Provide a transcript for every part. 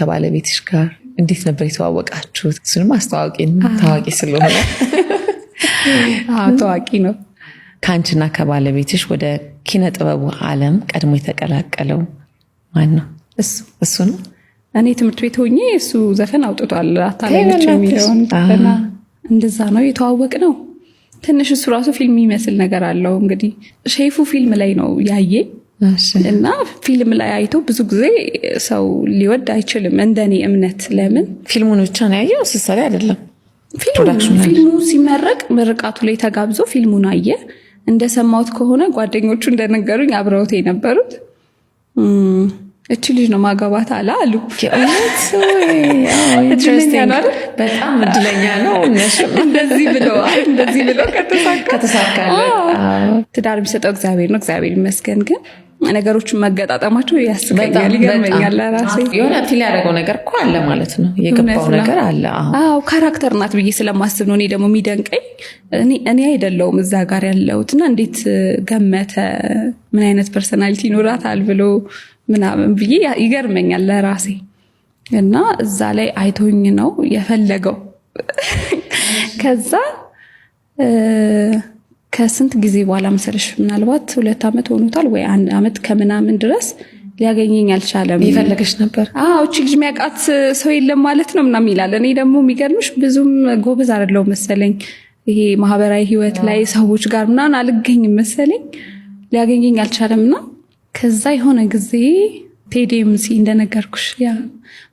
ከባለቤትሽ ጋር እንዴት ነበር የተዋወቃችሁት? እሱንም አስተዋቂ ታዋቂ ስለሆነ ታዋቂ ነው። ከአንቺና ከባለቤትሽ ወደ ኪነ ጥበቡ ዓለም ቀድሞ የተቀላቀለው ማን ነው? እሱ እሱ ነው። እኔ ትምህርት ቤት ሆኜ እሱ ዘፈን አውጥቷል አታለች የሚለውን እንደዛ ነው የተዋወቅ ነው። ትንሽ እሱ ራሱ ፊልም ይመስል ነገር አለው። እንግዲህ ሼፉ ፊልም ላይ ነው ያየ እና ፊልም ላይ አይቶ ብዙ ጊዜ ሰው ሊወድ አይችልም፣ እንደኔ እምነት። ለምን ፊልሙን ብቻ ነው ያየው? ስሰሪ አይደለም ፊልሙ ሲመረቅ ምርቃቱ ላይ ተጋብዞ ፊልሙን አየ። እንደሰማሁት ከሆነ ጓደኞቹ እንደነገሩኝ አብረውት የነበሩት እች ልጅ ነው ማገባት አለ አሉ። በጣም እድለኛ ነው እንደዚህ እንደዚህ ብለው ከተሳካ ትዳር የሚሰጠው እግዚአብሔር ነው። እግዚአብሔር ይመስገን ግን ነገሮችን መገጣጠማቸው ያስቀኛል፣ ይገርመኛል። ራሴ የሆነ ፊል ያደረገው ነገር እኮ አለ ማለት ነው፣ የገባው ነገር አለ። አዎ ካራክተር ናት ብዬ ስለማስብ ነው። እኔ ደግሞ የሚደንቀኝ እኔ አይደለውም እዛ ጋር ያለሁት እና እንዴት ገመተ ምን አይነት ፐርሰናሊቲ ይኖራታል ብሎ ምናምን ብዬ ይገርመኛል ለራሴ እና እዛ ላይ አይቶኝ ነው የፈለገው ከዛ ከስንት ጊዜ በኋላ መሰለሽ ምናልባት ሁለት ዓመት ሆኖታል ወይ አንድ ዓመት ከምናምን ድረስ ሊያገኘኝ አልቻለም። ይፈለገች ነበር እቺ ልጅ የሚያውቃት ሰው የለም ማለት ነው ምናምን ይላል። እኔ ደግሞ የሚገርምሽ ብዙም ጎበዝ አይደለሁም መሰለኝ ይሄ ማህበራዊ ህይወት ላይ ሰዎች ጋር ምናምን አልገኝም መሰለኝ ሊያገኘኝ አልቻለም እና ከዛ የሆነ ጊዜ ሲ እንደነገርኩሽ ያ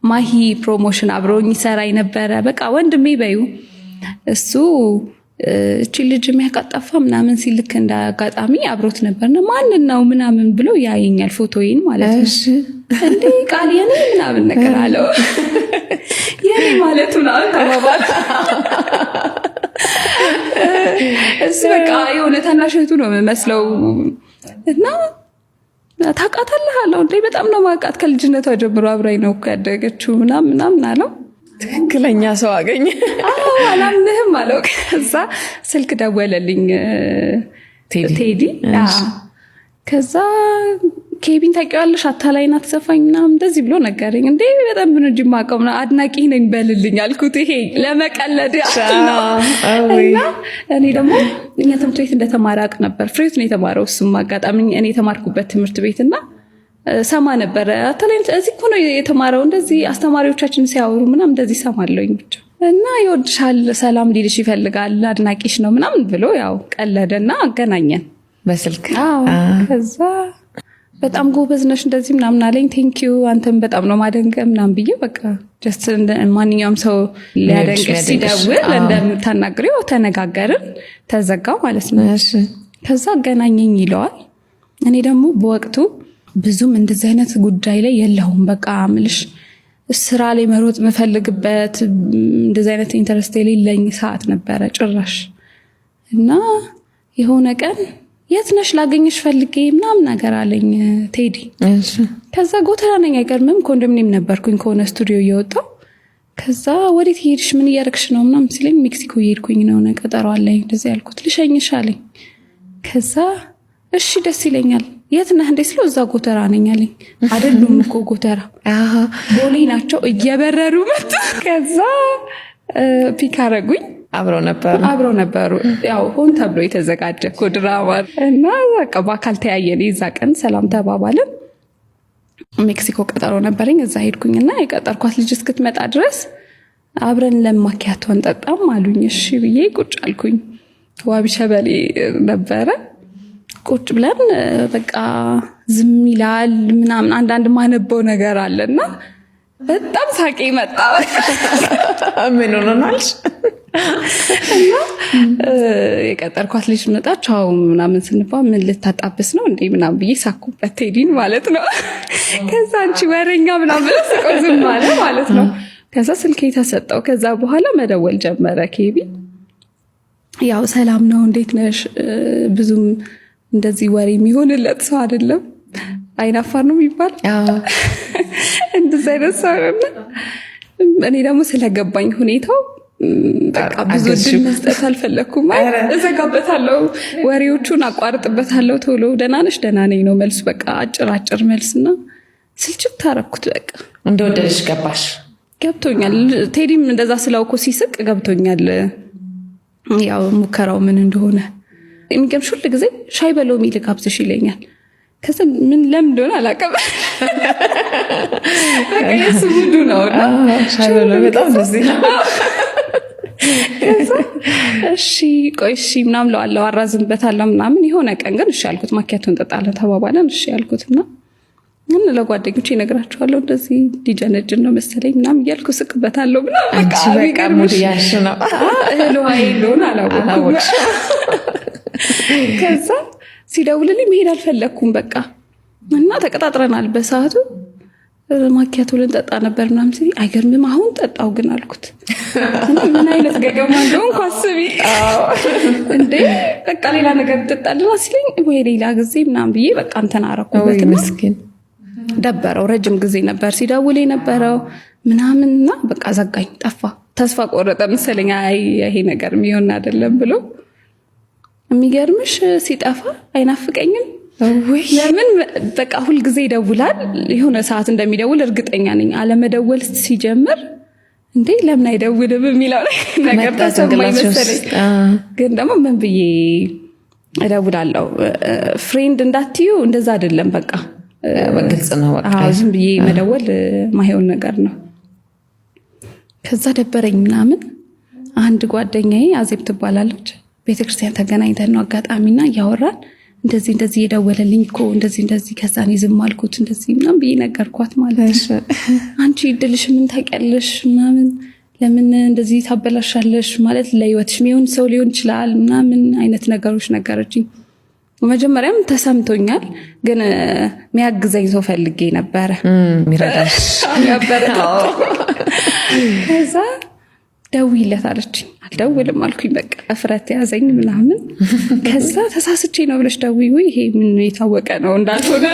ማሂ ፕሮሞሽን አብሮኝ ይሰራ ነበረ። በቃ ወንድሜ በዩ እሱ እቺ ልጅ የሚያቃጣፋ ምናምን ሲልክ እንደ አጋጣሚ አብሮት ነበርና ማንን ነው ምናምን ብሎ ያየኛል፣ ፎቶዬን ማለት ነው። እንዴ ቃል የኔ ምናምን ነገር አለው። የኔ ማለቱ ምናምን እሱ በቃ የሆነ ታናሽ ነው የምመስለው እና ታውቃታለህ አለው። እንዴ በጣም ነው ማውቃት፣ ከልጅነቷ ጀምሮ አብራኝ ነው እኮ ያደገችው ምናምን ምናምን አለው። ትክክለኛ ሰው አገኘ። አላምንህም አለው። ከዛ ስልክ ደወለልኝ ቴዲ። ከዛ ኬቢን ታውቂዋለሽ? አታላይና ናት፣ ዘፋኝ ምናምን እንደዚህ ብሎ ነገረኝ። እንደ በጣም ብን እንጂ የማውቀው ምናምን አድናቂ ነኝ በልልኝ አልኩት። ይሄ ለመቀለድ እና እኔ ደግሞ እኛ ትምህርት ቤት እንደተማረ አውቅ ነበር። ፍሬት ነው የተማረው እሱም አጋጣሚ እኔ የተማርኩበት ትምህርት ቤት እና ሰማ ነበረ። ተለይ እዚህ እኮ ነው የተማረው እንደዚህ አስተማሪዎቻችን ሲያወሩ ምናምን እንደዚህ ሰማለኝ ብቻ እና ይወድሻል፣ ሰላም ሊልሽ ይፈልጋል፣ አድናቂሽ ነው ምናምን ብሎ ያው ቀለደ እና አገናኘን በስልክ ከዛ በጣም ጎበዝ ነሽ እንደዚህ ምናምን አለኝ። ቴንኪዩ አንተም በጣም ነው ማደንቀ ምናምን ብዬ በቃ ጀስት ማንኛውም ሰው ሊያደንቅ ሲደውል እንደምታናግሪ ተነጋገርን፣ ተዘጋው ማለት ነው። ከዛ አገናኘኝ ይለዋል። እኔ ደግሞ በወቅቱ ብዙም እንደዚህ አይነት ጉዳይ ላይ የለሁም። በቃ ምልሽ ስራ ላይ መሮጥ የምፈልግበት እንደዚህ አይነት ኢንተረስት የሌለኝ ሰዓት ነበረ ጭራሽ እና የሆነ ቀን የት ነሽ ላገኘሽ ፈልጌ ምናምን ነገር አለኝ ቴዲ። ከዛ ጎተራ ነኝ አይቀርምም ኮንዶሚኒየም ነበርኩኝ ከሆነ ስቱዲዮ እየወጣው ከዛ ወዴት ሄድሽ ምን እያደረግሽ ነው ምናምን ሲለኝ ሜክሲኮ እየሄድኩኝ ነው ቀጠሮ አለኝ እንደዚህ ያልኩት ልሸኝሽ አለኝ። ከዛ እሺ ደስ ይለኛል የት ነህ እንዴ ስለው እዛ ጎተራ ነኝ አለኝ። አይደሉም እኮ ጎተራ ቦሌ ናቸው እየበረሩ መጡ። ከዛ ፒክ አረጉኝ። አብረው ነበሩ አብረው ነበሩ። ያው ሆን ተብሎ የተዘጋጀ እኮ ድራማ እና በአካል ተያየን። የዛ ቀን ሰላም ተባባልን። ሜክሲኮ ቀጠሮ ነበረኝ። እዛ ሄድኩኝ እና የቀጠርኳት ልጅ እስክትመጣ ድረስ አብረን ለማኪያቷን ጠጣም አሉኝ። እሺ ብዬ ቁጭ አልኩኝ። ዋቢ ሸበሌ ነበረ ቁጭ ብለን በቃ ዝም ይላል ምናምን አንዳንድ ማነበው ነገር አለ እና በጣም ሳቄ መጣ። ምን ሆኖናል እና የቀጠርኳት ልጅ መጣ። ቻው ምናምን ስንባ ምን ልታጣብስ ነው እንዴ ምናምን ብዬ ሳኩበት ቴዲን ማለት ነው። ከዛ አንቺ ወሬኛ ምናምን ስቆ ዝም አለ ማለት ነው። ከዛ ስልኬ ተሰጠው። ከዛ በኋላ መደወል ጀመረ ኬቢ ያው ሰላም ነው እንዴት ነሽ ብዙም እንደዚህ ወሬ የሚሆንለት ሰው አይደለም። አይናፋር ነው የሚባል እንደዚህ አይነት ሰው እኔ ደግሞ ስለገባኝ ሁኔታው በቃ ብዙ ድል መስጠት አልፈለግኩም። እዘጋበታለሁ፣ ወሬዎቹን አቋርጥበታለሁ። ቶሎ ደህና ነሽ፣ ደህና ነኝ ነው መልሱ። በቃ አጭር አጭር መልስ እና ስልችት ታረኩት። በቃ እንደወደደች ገባሽ። ገብቶኛል። ቴዲም እንደዛ ስላውኮ ሲስቅ ገብቶኛል፣ ያው ሙከራው ምን እንደሆነ የሚገርምሽ ሁል ጊዜ ሻይ በሎሚ ልጋብዝሽ ይለኛል። ከዚ ምን ለምን እንደሆነ አላውቅም። የእሱ ጉዱ ነው። ሻይ በሎሚ በጣም እሺ ቆይ እሺ ምናምን እለዋለሁ፣ አራዝምበታለሁ ምናምን። የሆነ ቀን ግን እሺ አልኩት፣ ማኪያቶ እንጠጣለን ተባባለን። እሺ አልኩት እና ምን ለጓደኞች ይነግራቸዋለሁ እንደዚህ ሊጀነጅን ነው መሰለኝ ምናምን እያልኩ ስቅበታለሁ ብላ በቃ ሙድያሽ ነው እህል ውሃ የለውን አላወቅኩም ከዛ ሲደውልልኝ መሄድ አልፈለግኩም በቃ እና ተቀጣጥረናል በሰዓቱ ማኪያቶ ልንጠጣ ነበር ምናምን ሲል አይገርምም፣ አሁን ጠጣው ግን አልኩት። ምን አይነት ገገማ እንደሆንኩ አስቢ እንዴ! በቃ ሌላ ነገር ትጠጣልና ሲለኝ ወይ ሌላ ጊዜ ምናምን ብዬ በቃ እንትን አረኩበት። ምስኪን ደበረው፣ ረጅም ጊዜ ነበር ሲደውል የነበረው ምናምንና በቃ ዘጋኝ፣ ጠፋ። ተስፋ ቆረጠ መሰለኝ፣ አይ ይሄ ነገር የሚሆን አይደለም ብሎ የሚገርምሽ ሲጠፋ አይናፍቀኝም። ለምን በቃ ሁልጊዜ ይደውላል። የሆነ ሰዓት እንደሚደውል እርግጠኛ ነኝ። አለመደወል ሲጀምር እንዴ ለምን አይደውልም የሚለው ነገር ተሰማኝ ግን ደግሞ ምን ብዬ እደውላለሁ? ፍሬንድ እንዳትዩ እንደዛ አይደለም። በቃ በግልጽ ነው። ዝም ብዬ መደወል ማየውን ነገር ነው። ከዛ ደበረኝ ምናምን። አንድ ጓደኛዬ አዜብ ትባላለች ቤተክርስቲያን ተገናኝተን ነው አጋጣሚና እያወራን እንደዚህ እንደዚህ የደወለልኝ እኮ እንደዚህ እንደዚህ ከዛ እኔ ዝም አልኩት እንደዚህ ምናም ብዬ ነገርኳት ማለት ነው። አንቺ እድልሽ ምን ታውቂያለሽ ምናምን ለምን እንደዚህ ታበላሻለሽ ማለት ለህይወትሽ የሚሆን ሰው ሊሆን ይችላል ምናምን አይነት ነገሮች ነገረችኝ። መጀመሪያም ተሰምቶኛል፣ ግን የሚያግዘኝ ሰው ፈልጌ ነበረ ሚረዳ ከዛ ደውይለት አለች። አልደውልም አልኩኝ። በቃ እፍረት ያዘኝ ምናምን። ከዛ ተሳስቼ ነው ብለሽ ደውዪው ይሄ ምን የታወቀ ነው እንዳልሆነ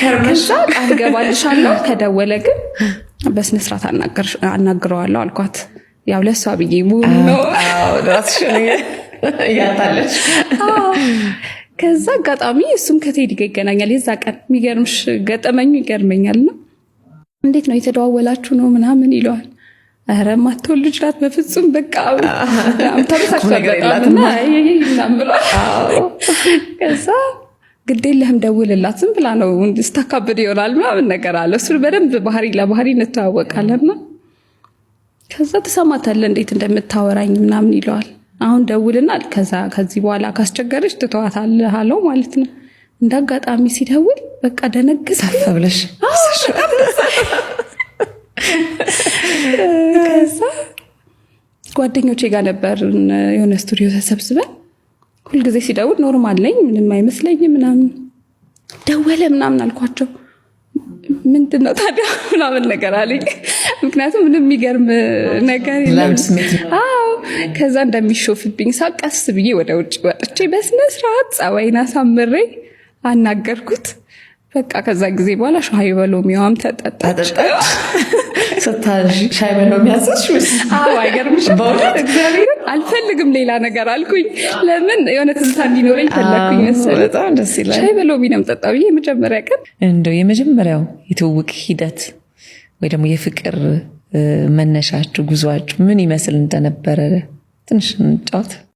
ከዛ ቃል ገባልሻለሁ፣ ከደወለ ግን በስነስርዓት አናግረዋለሁ አልኳት። ያው ለሷ ብዬ ሙሉ ነው እያታለች ከዛ አጋጣሚ እሱም ከቴዲ ጋር ይገናኛል የዛ ቀን። የሚገርምሽ ገጠመኙ ይገርመኛል ነው እንዴት ነው የተደዋወላችሁ ነው ምናምን ይለዋል። ኧረ ማተው ልጅ ናት በፍጹም በቃ ከዛ ግዴለህም ደውልላት ዝም ብላ ነው ስታካብድ ይሆናል ምናምን ነገር አለ። እሱ በደንብ ባህሪ ለባህሪ እንተዋወቃለና ከዛ ትሰማታለህ እንዴት እንደምታወራኝ ምናምን ይለዋል። አሁን ደውልና ከዛ ከዚህ በኋላ ካስቸገረች ትተዋታለህ አለው ማለት ነው። እንደ አጋጣሚ ሲደውል በቃ ደነግጥ ብለሽ ከዛ ጓደኞቼ ጋር ነበር የሆነ ስቱዲዮ ተሰብስበን ሁልጊዜ ሲደውል ኖርማል ነኝ፣ ምንም አይመስለኝም ምናምን ደወለ ምናምን አልኳቸው። ምንድን ነው ታዲያ ምናምን ነገር አለኝ። ምክንያቱም ምንም የሚገርም ነገር የለም። ከዛ እንደሚሾፍብኝ ሳቀስ ቀስ ብዬ ወደ ውጭ ወጥቼ በስነስርዓት ጸባይን አሳምሬ አናገርኩት። በቃ ከዛ ጊዜ በኋላ ሻይ በሎሚዋም ተጠጣች። ሻይ በሎሚ ያዘሽ? አይገርምሽም? እግዚአብሔር አልፈልግም ሌላ ነገር አልኩኝ። ለምን የሆነ ትዝታ እንዲኖረኝ ፈለግኩኝ መሰለኝ። በጣም ደስ ይላል። ሻይ በሎሚ ነው የምጠጣው ብዬ የመጀመሪያ ቀን እንደው የመጀመሪያው የትውውቅ ሂደት ወይ ደግሞ የፍቅር መነሻችሁ ጉዟችሁ ምን ይመስል እንደነበረ ትንሽ እንጫወት።